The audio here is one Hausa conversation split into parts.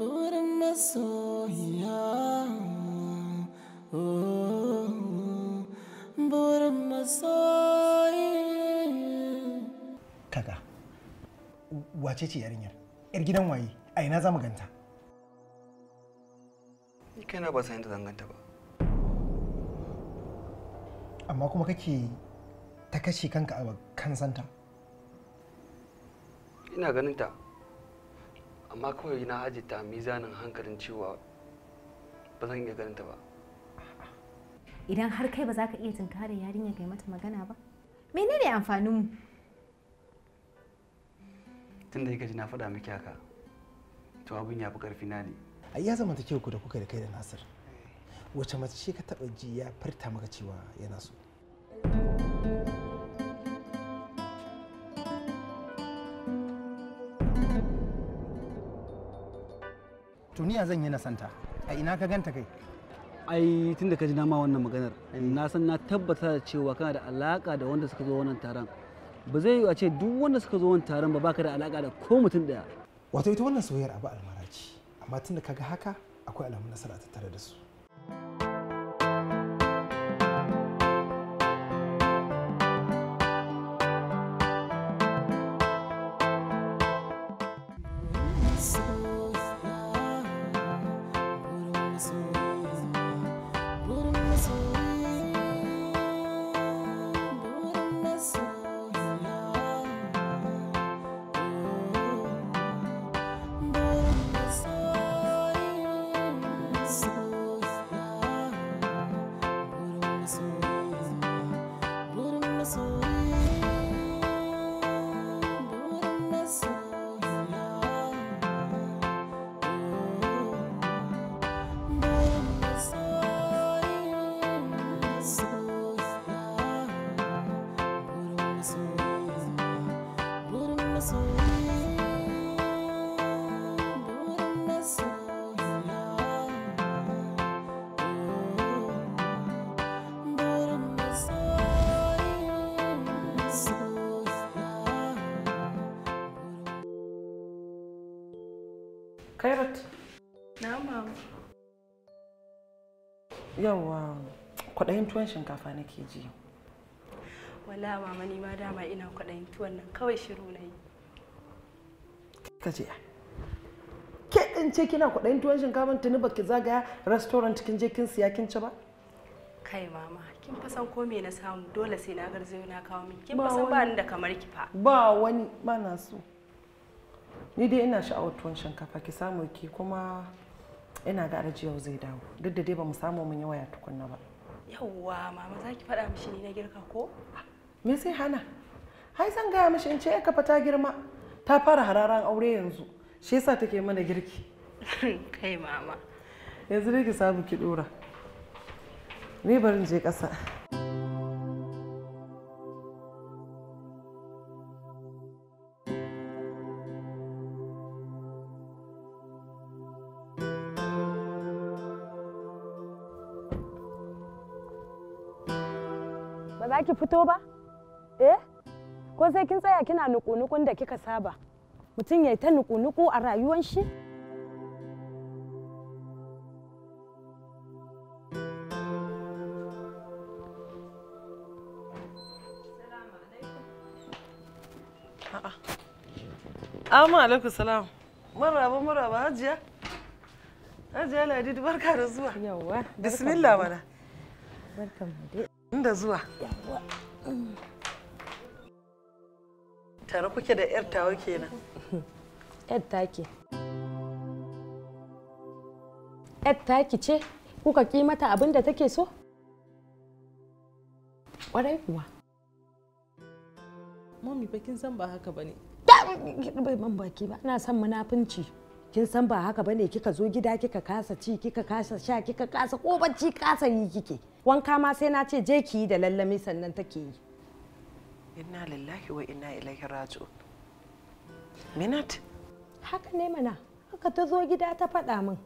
Burin masoya Burin masoyi Kaka, wace ce yarinyar? ‘Yar gidan waye, a ina za mu ganta? Ni kaina ba san yadda zan ganta ba. Amma kuma kake ta kashe kanka a kan santa? Ina ganin ta. amma kawai na aje ta mizanin hankalin cewa ba zan iya ganin ta ba idan har kai ba za ka iya tunkarar yarinya kai mata magana ba menene amfanin mu tun da ji na faɗa miki haka to abin ya fi ƙarfi na ne ai ya zama take ku da kuka da kai da Nasir wace mace ce ka taɓa ji ya furta maka cewa yana so to ni zan yi na santa a ina ka ganta kai ai tun da ka ji nama wannan maganar na san na tabbata da cewa kana da alaka da wanda suka zo wannan taron ba zai yi a ce duk wanda suka zo wannan taron ba baka da alaka da ko mutum daya wato ita wannan soyayyar abu almara ce amma tun da ga haka akwai alamun nasara tattare da su Kairat. Na'am mama. Yawa kwaɗayin tuwon shinkafa nake ji. Wala mama ni ma dama ina kwaɗayin tuwon nan kawai shiru na yi. Ka je. Ke ɗin ce kina kwaɗayin tuwon shinkafa tuni baki zagaya restaurant kin je kin siya kin ci ba? kai mama kin fa san ko me na samu dole sai na garzayo na kawo min. kin fa san ba ni da kamar ki fa ba wani ba na so ni dai ina sha'awar tuwon shinkafa ki samu ki kuma ina ga arjiyau zai dawo duk da dai ba mu samu mun yi waya tukunna ba yawwa mama za ki faɗa mishi ni na girka ko me sai hana hai zan gaya mishi in ce ka fata girma ta fara hararan aure yanzu shi yasa take mana girki kai mama yanzu dai ki samu ki dora ni barin je ƙasa ki fito ba eh ko sai kin tsaya kina nuku-nukun da kika saba mutum ya yi ta nuku-nuku a rayuwan shi Amma alaikum salam. Maraba maraba hajiya. Hajiya Ladidi barka da zuwa. Yawwa. Bismillah mana. Barkan mu dai. da zuwa. Mm. Tare kuke da 'yar tawa kenan. 'Yar take. 'Yar take ce kuka ƙi mata abin da take so? Ƙwarai kuwa. Mami ba kin san ba haka ba ne. Bai man baki ba, ana son munafunci. kin san ba haka bane kika zo gida kika kasa ci kika kasa sha kika kasa ko bacci kasa yi kike wanka ma sai na ce je ki yi da lallami sannan take yi inna lillahi wa inna ilaihi raji'un minat haka ne mana haka ta zo gida ta faɗa min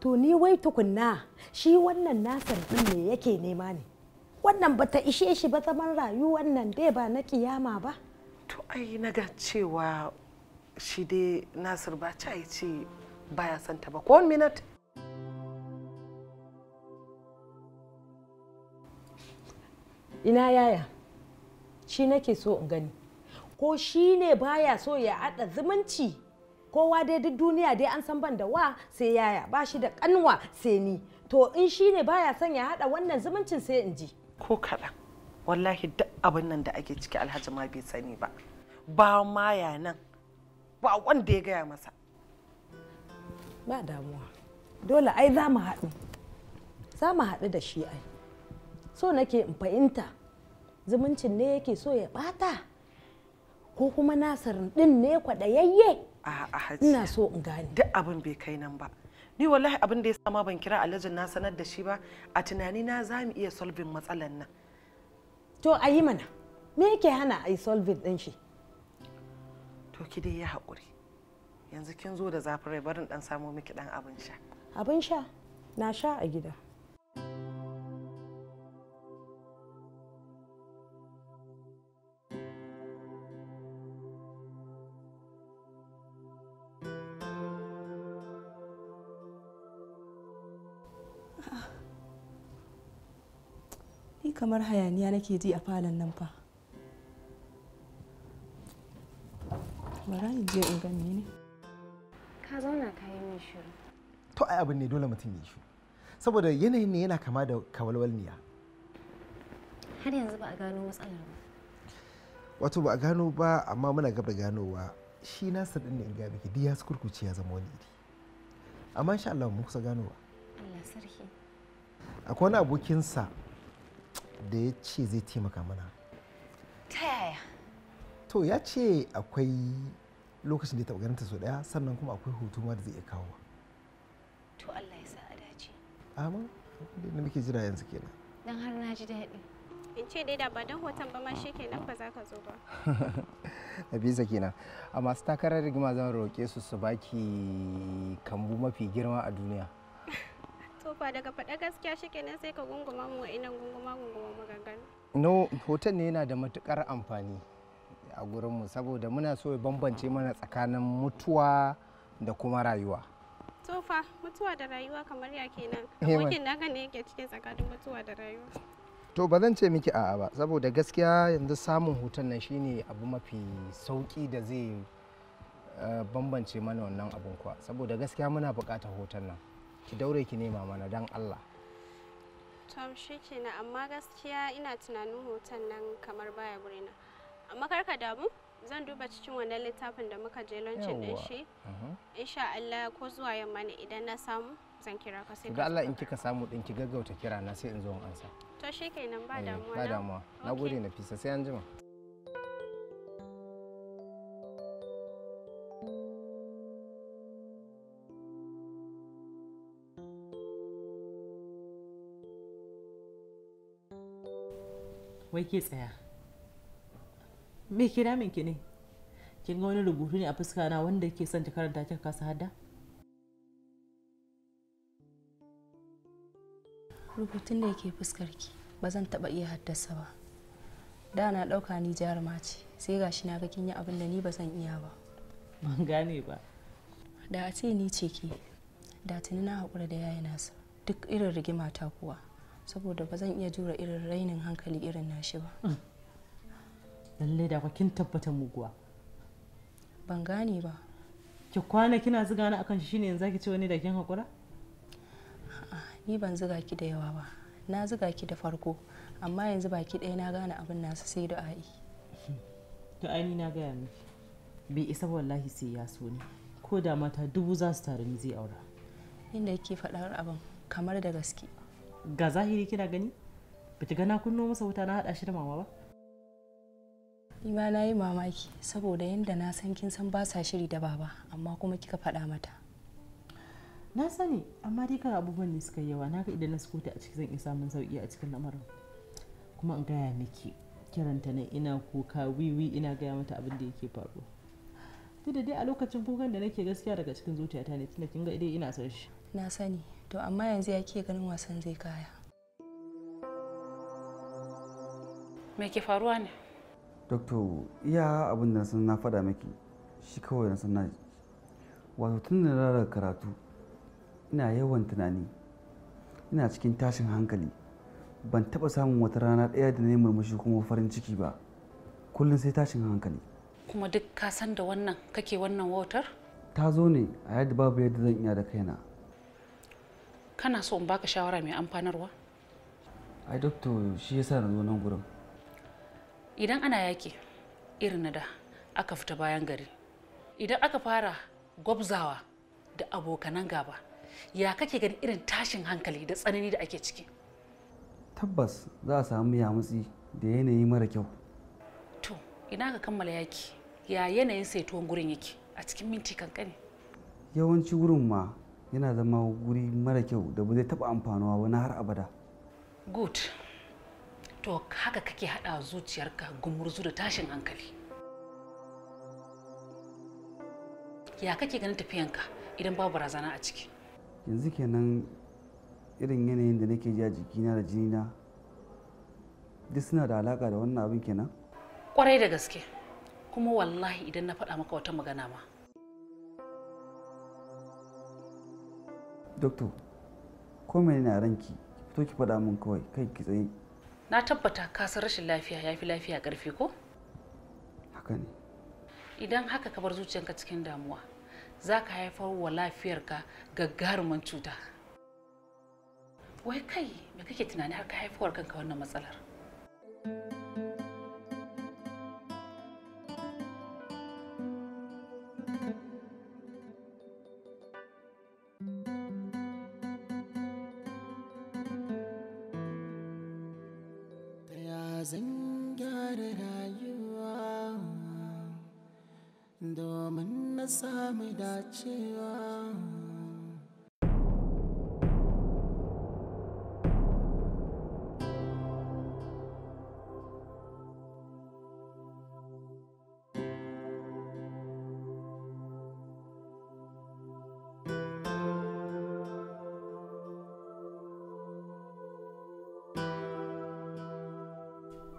to ni wai tukunna shi wannan nasar din me yake nema ne wannan ba ta ishe shi ba zaman rayu nan dai ba na kiyama ba to ai na ga cewa shi dai nasir ba ci ce baya son ba ko minat ina yaya shi nake so in gani ko shi ne baya so ya hada zumunci kowa dai duk duniya dai an san ban da wa sai yaya ba shi da kanwa sai ni to in shi ne baya son ya hada wannan zumuncin sai in ji ko kaɗan wallahi duk abin nan da ake ciki alhaji ma bai sani ba ba ma ya nan ba wanda ya gaya masa ba damuwa dole ai za mu haɗu za mu haɗu da shi ai so nake in fahimta zumuncin ne yake so ya bata ko kuma nasar din ne kwadayayye ina so in gane duk abin bai kai nan ba ni wallahi abin da ya sama ban kira alhaji na sanar da shi ba a tunani na za mu iya solving matsalan nan to a mana me yake hana a yi solving din shi to ki dai ya hakuri, yanzu kin zo da zafin rai barin dan samo miki dan abin sha abin sha na sha a gida kamar hayaniya nake ji a falon nan fa bara in je in gani ne ka zauna ka yi min shiru to ai abin ne dole mutum ya shiru saboda yanayin ne yana kama da kawalwalniya har yanzu ba a gano matsalar ba wato ba a gano ba amma muna gaba ganowa shi na din ne in ga miki ya kurkuci ya zama wani iri amma insha Allah mun kusa ganowa Allah sarki akwai wani abokinsa da ya ce zai taimaka mana ta yaya to ya ce akwai lokacin da ya taɓa ganin sau ɗaya sannan kuma akwai hutu ma da zai iya kawo to Allah ya sa a dace Amma da muke jira yanzu kenan dan har na ji daɗi in ce dai da ba dan hoton ba ma shi kenan ba za ka zo ba Nabisa kenan a masu takarar rigima zan roƙe su su baki kambu mafi girma a duniya so daga faɗa gaskiya kenan sai ka gunguma mu wa'innan gunguma gunguma maganganu no hoton ne yana da matukar amfani a gurinmu saboda muna so ya bambance mana tsakanin mutuwa da kuma rayuwa tofa mutuwa da rayuwa kamar ya kenan eh, abokin naka ne yake cikin tsakanin mutuwa da rayuwa to ba zan ce miki a'a ba saboda gaskiya yanzu samun hoton nan shine abu mafi sauki da zai eh, bambance mana wannan abun kuwa saboda gaskiya muna buƙatar hoton nan ki daure ki nema mana dan Allah tom shi kenan amma gaskiya ina tunanin hoton nan kamar baya na. amma karka damu zan duba cikin wannan littafin da muka je lancin din shi uh-huh. insha Allah ko zuwa yamma ne idan na samu zan kira ka sai ga Allah in kika samu din ki gaggauta kira na sai in zo in ansa to kenan ba eh, damuwa ba damuwa nagode fisa sai an jima wai ke tsaya me ke damin ki ne kin ga wani rubutu ne a fuska na wanda ke son ta karanta kika kasa hadda rubutun da yake fuskar ki ba zan taba iya haddasa ba da na dauka ni jaruma ce sai gashi na ga kin yi abin da ni ba zan iya ba ban gane ba da a ce ni ce ke da tuni na haƙura da yayi nasa duk irin rigima ta kuwa saboda ba zan iya jura irin rainin hankali irin nashi ba mm. lalle da kin tabbata muguwa ban gane ba ki kwana kina ziga ni akan shi shine yanzu zaki ce wani da kin hakura ni ban ziga ki da yawa ba na ziga ki da farko amma yanzu baki ɗaya na gane abin nasu sai da ai to ai ni na gaya miki bai isa wallahi sai ya so ni ko da mata dubu za su tare ni zai aura inda yake faɗar abin kamar da gaske ga zahiri kina gani ba ta gana kunno masa wuta na hada shi da mama ba ni ma na yi mamaki saboda yadda na san kin san ba sa shiri da baba amma kuma kika faɗa mata na sani amma dai kan abubuwan ne suka yawa na ga idan na sukuta a ciki zan iya samun sauki a cikin lamarin kuma in gaya miki kiranta na ina kuka wiwi ina gaya mata abin da yake faruwa da dai a lokacin kukan da nake gaskiya daga cikin zuciyata ne da kin ga dai ina son shi na sani to amma yanzu ya ke ganin wasan zai kaya me ke faruwa ne doktor iya abin da san na faɗa miki shi kawai na san wato tun da rarar karatu ina yawan tunani ina cikin tashin hankali ban taba samun wata rana ɗaya da na yi murmushi kuma farin ciki ba kullum sai tashin hankali kuma duk ka san da wannan kake wannan wautar? ta zo ne a yadda babu yadda zan iya da kaina kana so in baka shawara mai amfanarwa ai doctor shi yasa na zo nan gurin idan ana yaki irin na da aka fita bayan gari idan aka fara gwabzawa da abokanan gaba ya kake gani irin tashin hankali da tsanani da ake ciki tabbas za a samu yamutsi da yanayi mara kyau to idan aka kammala yaki ya yanayin saituwan gurin yake a cikin minti kankani yawanci gurin ma yana zama guri mara kyau da ba zai taba amfanuwa ba har abada good to haka kake hada zuciyarka gumurzu da tashin hankali ya kake ganin tafiyanka idan babu barazana a ciki yanzu kenan irin yanayin da nake ji a jikina da jinina duk suna da alaka da wannan abin kenan kwarai da gaske kuma wallahi idan na faɗa maka wata magana ma doktor kome na ranki fito ki faɗa min kawai kai ki tsaye na tabbata ka san rashin lafiya ya fi lafiya ƙarfi ko haka ne idan haka ka bar zuciyanka cikin damuwa za ka haifar wa lafiyarka gagarumin cuta wai kai me kake tunani har ka haifar kanka wannan matsalar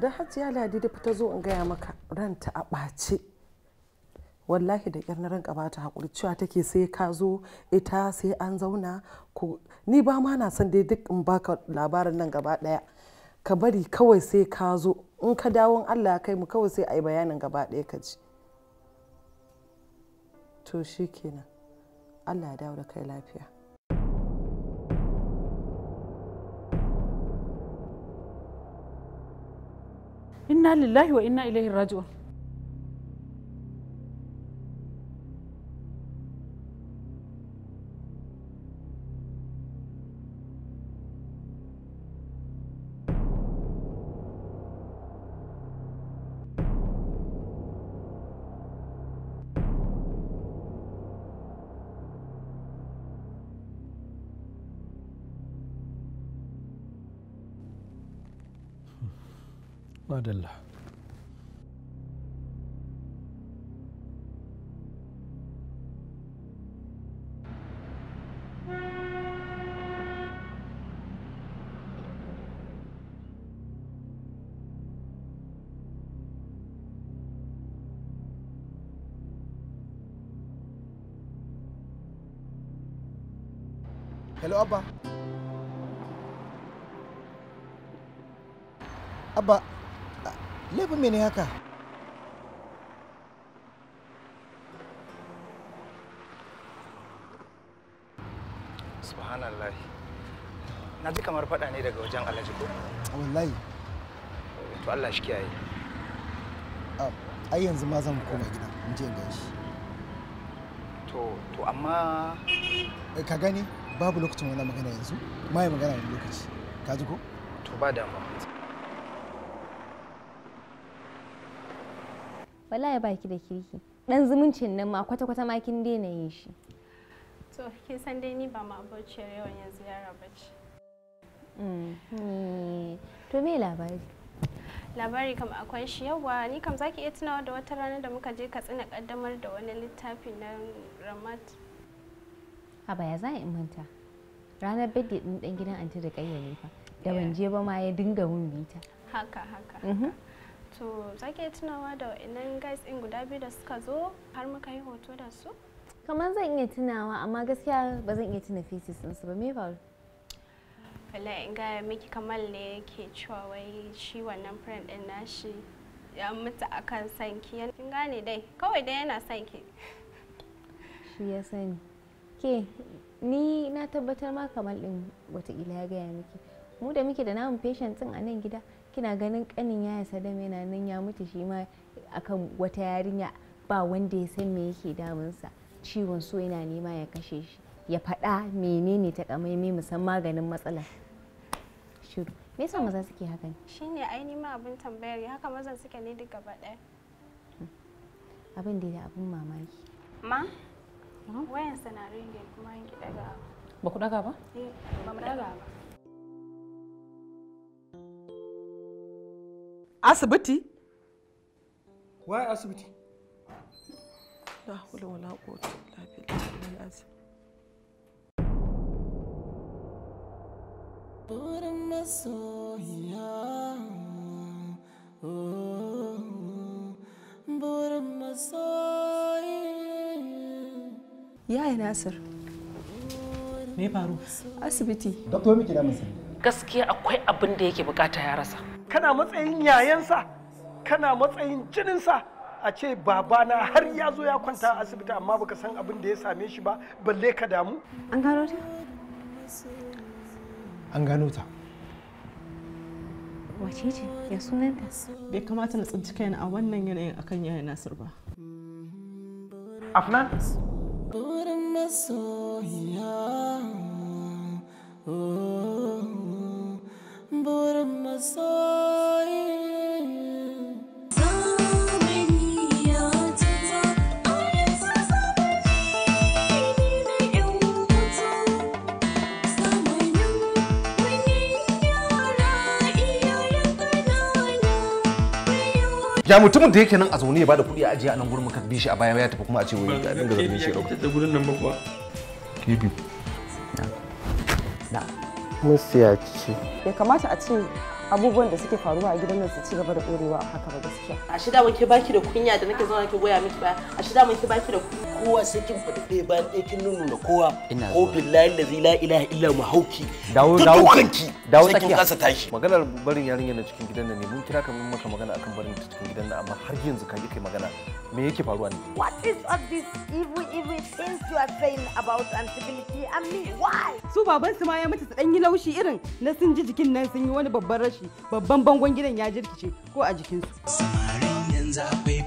da hajiya ladi da fita zo in gaya maka ranta a ɓace wallahi da ƙyar na ranka ba ta haƙuri cewa take sai ka zo ita sai an zauna ko ni ba ma na san dai duk in baka labarin nan gaba ɗaya ka bari kawai sai ka zo in ka dawo Allah kai mu kawai sai a yi bayanin gaba ɗaya ka ji to shi kenan Allah ya dawo da kai lafiya إنا لله وإنا إليه راجعون ما دله هلو ابا laifin mene haka subhanallah na ji kamar faɗa ne daga wajen alhaji ko wallahi to Allah shi kiyaye ai yanzu ma zan koma gida in je ga shi to to amma eh, ka gani babu lokacin wani magana yanzu ma magana wani lokaci ka ji ko to ba damuwa wallahi baki da kirki dan zumuncin nan ma kwata kwata ma kin daina yin shi to kin san dai ni ba ma abociyar yawan yin ziyara ce. Mm, eh. to me labari labari kam akwai shi yawa ni kam zaki iya tunawa da wata rana da muka je katsina kaddamar da wani littafi na ramat a baya za in manta ranar birthday din dan gidan anti da kayyane fa da ban je ba ma ya dinga mun bita haka haka mm-hmm. to za tunawa da wa'annan guys ɗin guda biyu da suka zo har muka yi hoto da su kamar zan iya tunawa amma gaskiya ba zan iya tuna faces su ba me faru wallahi in gaya miki kamal ne ke cewa wai shi wannan friend din nashi ya mutu akan sanki kin gane dai kawai dai yana ki shi ya sani ke ni na tabbatar ma kamal ɗin watakila ya gaya miki mu da muke da namun patient din a nan gida kina ganin kanin yaya da mai nan ya mutu shi ma akan wata yarinya ba wanda ya san me yake damunsa ciwon so yana nema ya kashe shi ya faɗa menene ta kamaime musan maganin matsalar shiru me yasa maza suke hakan shine ainihin ma abin tambayar haka maza suke ne duk gaba ɗaya abin da ya abin mamaki ma wayan sanarin da kuma yin ki daga ba ku daga ba eh ba mu daga ba asibiti wai asibiti la hula wala quwwata illa burin burin oh, yaya nasir me faru asibiti doktor miki da musu gaskiya akwai abin da yake bukata ya rasa kana matsayin yayansa kana matsayin jininsa a ce babana har ya zo ya kwanta a asibiti amma baka san abin da ya same shi ba balle ka damu an gano ta an gano ta wace ce ya sunanta bai kamata na tsinci kaina a wannan yanayin akan yayin nasir ba afnan masoya oh. ya mutumin da yake nan a zaune ya bada kuɗi a ajiye a nan gurin muka bi shi a baya ya tafi kuma a ce wai ga dinga zaune shi ya dauka ta gurin nan ba kuwa musiya ya kamata a ce abubuwan da suke faruwa a gidan nan su ci gaba da ɗorewa a haka ba gaskiya a shida mun ke baki da kunya da nake zama ke goya miki ba a shida mun ke baki da kunya kowa sai kin fadi ɗaya bayan ɗaya kin nuna kowa ko billahi lazi la ilaha illa mu hauki dawo dawo kanki dawo kin kasa tashi maganar barin yarinya na cikin gidan nan ne mun kira kamar maka magana akan barin ta cikin gidan nan amma har yanzu ka kai magana me yake faruwa ne what is all this evil evil things you are saying about ansibility and me why su baban su ma ya mutu su dan yi laushi irin na sun ji jikin nan sun yi wani babban rashi babban bangon gidan ya jirkice ko a jikinsu samarin yanzu akwai.